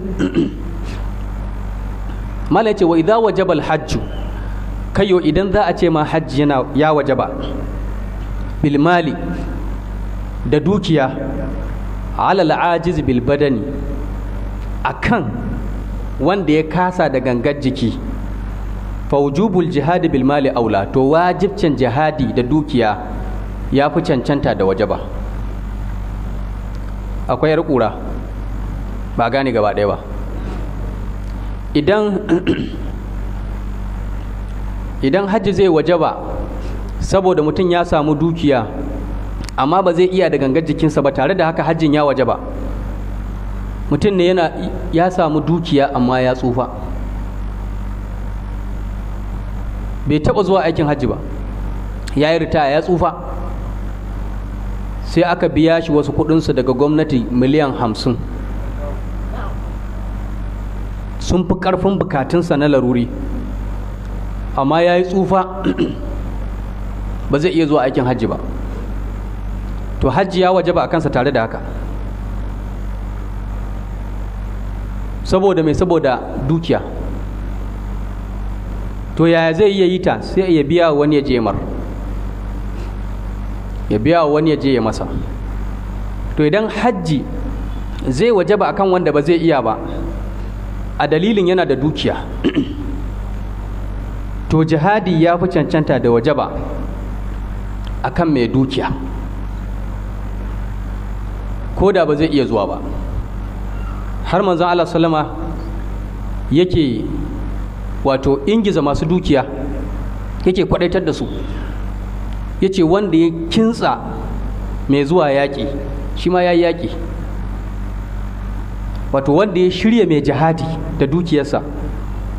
ya ce wa idza wajaba alhajju kayo idan za a ce ma hajji yana ya wajaba bil mali da dukiya ala al'ajiz bil badani akan wanda ya kasa da gangar jiki fa jihadi bil mali aula to wajibcin jihadi da dukiya ya fi cancanta da waje ba akwai yar kura ba gane gaba ɗaya ba idan hajji zai waje ba saboda mutum ya samu dukiya amma ba zai iya da gangar jikinsa ba tare da haka hajjin ya waje ba mutum ne yana ya samu dukiya amma ya tsufa bai taɓa zuwa aikin hajji ba ya yi ritaya ya tsufa sai aka biya shi wasu kuɗinsu daga gwamnati miliyan hamsin sun fi karfin bukatunsa na laruri amma ya yi tsufa ba zai iya zuwa aikin hajji ba to hajji ya waje ba a kansa tare da haka saboda mai saboda dukiya to yaya zai iya yi ta sai ya biya wani ya je mar ya biya wani ya je ya masa to idan hajji zai waje ba akan wanda ba zai iya ba a dalilin yana da dukiya to jihadi ya fi cancanta da waje ba akan mai dukiya ko da ba zai iya zuwa ba har manzan Allah salama yake wato ingiza masu dukiya yake kwadaitar da su yace wanda ya kintsa mai zuwa yaƙi shi ma ya yi yaƙi wato wanda ya shirya mai jihadi da dukiyarsa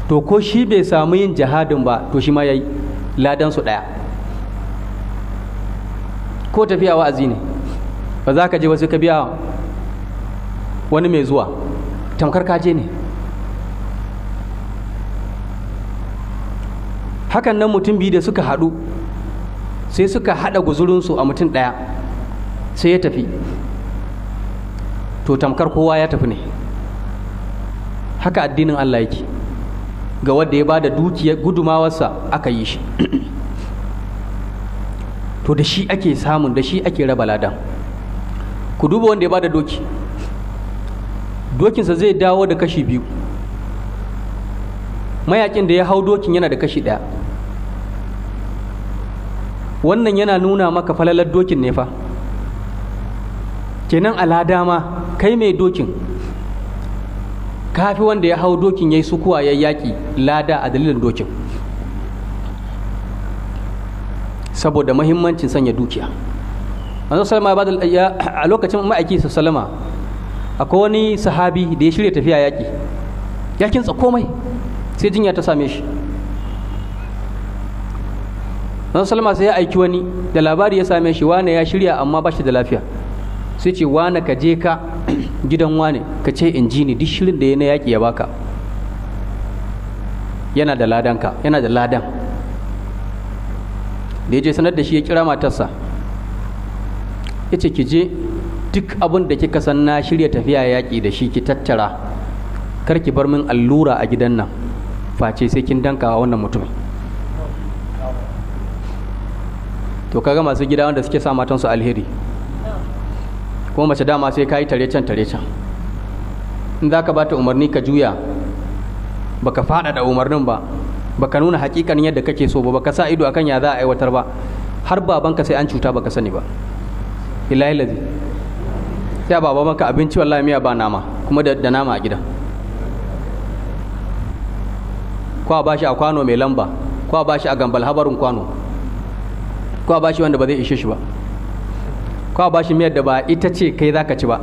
to ko shi bai samu yin jihadin ba to shi ma ya yi ladansu ɗaya ko tafiya wa'azi ne ba za ka je wasu ka biya wani mai zuwa tamkar kaje ne hakan nan mutum biyu da suka haɗu sai suka haɗa guzurinsu a mutum ɗaya sai ya tafi to tamkar kowa ya tafi ne haka addinin Allah yake ga wanda ya bada dukiyar gudumawarsa aka yi shi to da shi ake samun da shi ake raba ladan ku duba wanda ya bada doki dokinsa zai dawo da kashi biyu mayakin da ya hau dokin yana da kashi ɗaya wannan yana nuna maka falalar dokin ne fa kenan alada ma kai mai dokin kafi wanda ya hau dokin ya yi sukuwa ya yaki lada a dalilin dokin saboda mahimmancin sanya dukiya manzo salama ya a lokacin ma'aiki salama akwai wani sahabi da ya shirya tafiya yaƙi yakin tsakomai sai jinya ta same shi nan salama sai ya aiki wani da labari ya same shi wane ya shirya amma ba shi da lafiya sai ce wane ka je ka gidan wane ka ce in ji ni duk shirin da ya na yaƙi ya baka yana da ka yana da ladan da ya sanar da shi ya kira matarsa ya ce ki je duk abin da kika san na shirya tafiya yaƙi da shi ki tattara kar ki bar min allura a gidan nan face sai kin danka wannan mutumin to kaga masu gida wanda suke sa matan su alheri kuma mace dama sai ka tare can tare can in zaka ka ba ta umarni ka juya baka faɗaɗa umarnin ba baka nuna hakikan yadda kake so ba baka sa ido akan ya za a aiwatar ba har babanka sai an cuta baka sani ba ilahi lazi sai babanka abinci wallahi miya ba nama kuma da nama a gida kwa a bashi a kwano mai lamba kwa bashi bashi a gambal habarin kwano ko a bashi wanda ba zai ishe shi ba ko a bashi miyar da ba ita ce kai za ka ci ba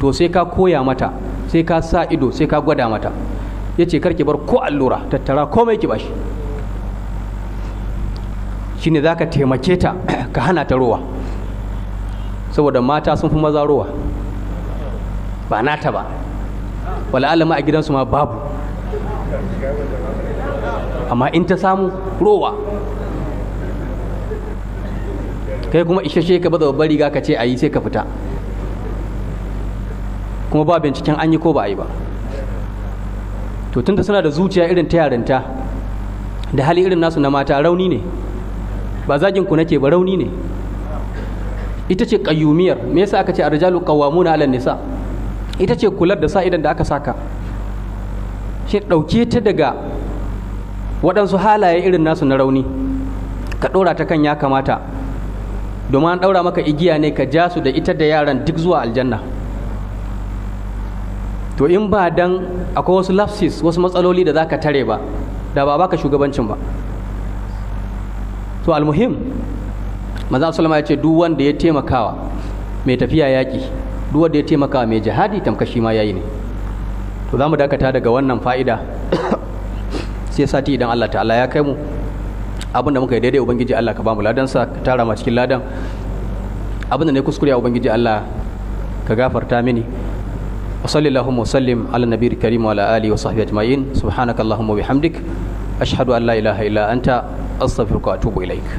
to sai ka koya mata sai ka sa ido sai ka gwada mata ya ce karki bar ko allura tattara komai ki bashi ne za ka taimake ta ka hana ta rowa saboda mata sun fi maza rowa ba nata ba wala'ala ma a gidansu ma babu amma in ta samu rowa kai kuma isasshe ka baza babbar riga ka ce a yi sai ka fita kuma ba binciken an yi ko ba a yi ba to tunda suna da zuciya irin ta yarinta da hali irin nasu na mata rauni ne ba zagin ku nake ba rauni ne ita ce kayyumiyar me yasa aka ce arjalu qawwamuna 'ala nisa ita ce kular da sa idan da aka saka shi dauke ta daga waɗansu halaye irin nasu na rauni ka ɗora ta kan ya kamata domin an ɗaura maka igiya ne ka ja su da ita da yaran duk zuwa aljanna to in ba dan akwai wasu lapses wasu matsaloli da za ka tare ba da ba baka shugabancin ba to almuhim maza salama ya ce duk wanda ya taimakawa mai tafiya yaƙi duk wanda ya taimakawa mai jihadi tamkashi ma yayi ne to za mu dakata daga wannan fa'ida sai sati idan Allah ta'ala ya kai mu abin da muka yi daidai ubangiji Allah ka ba mu ladansa ka tara ma cikin ladan abin da ne kuskure a ubangiji Allah ka gafarta mini wa sallallahu wa sallim ala nabiyil karim wa ala alihi wa sahbihi ajma'in subhanakallahumma wa bihamdik ashhadu an la ilaha illa anta astaghfiruka wa atubu ilaik